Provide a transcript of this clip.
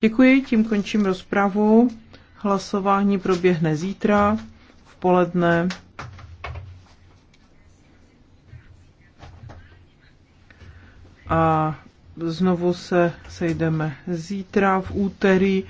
Děkuji, tím končím rozpravu. Hlasování proběhne zítra v poledne. A znovu se sejdeme zítra v úterý.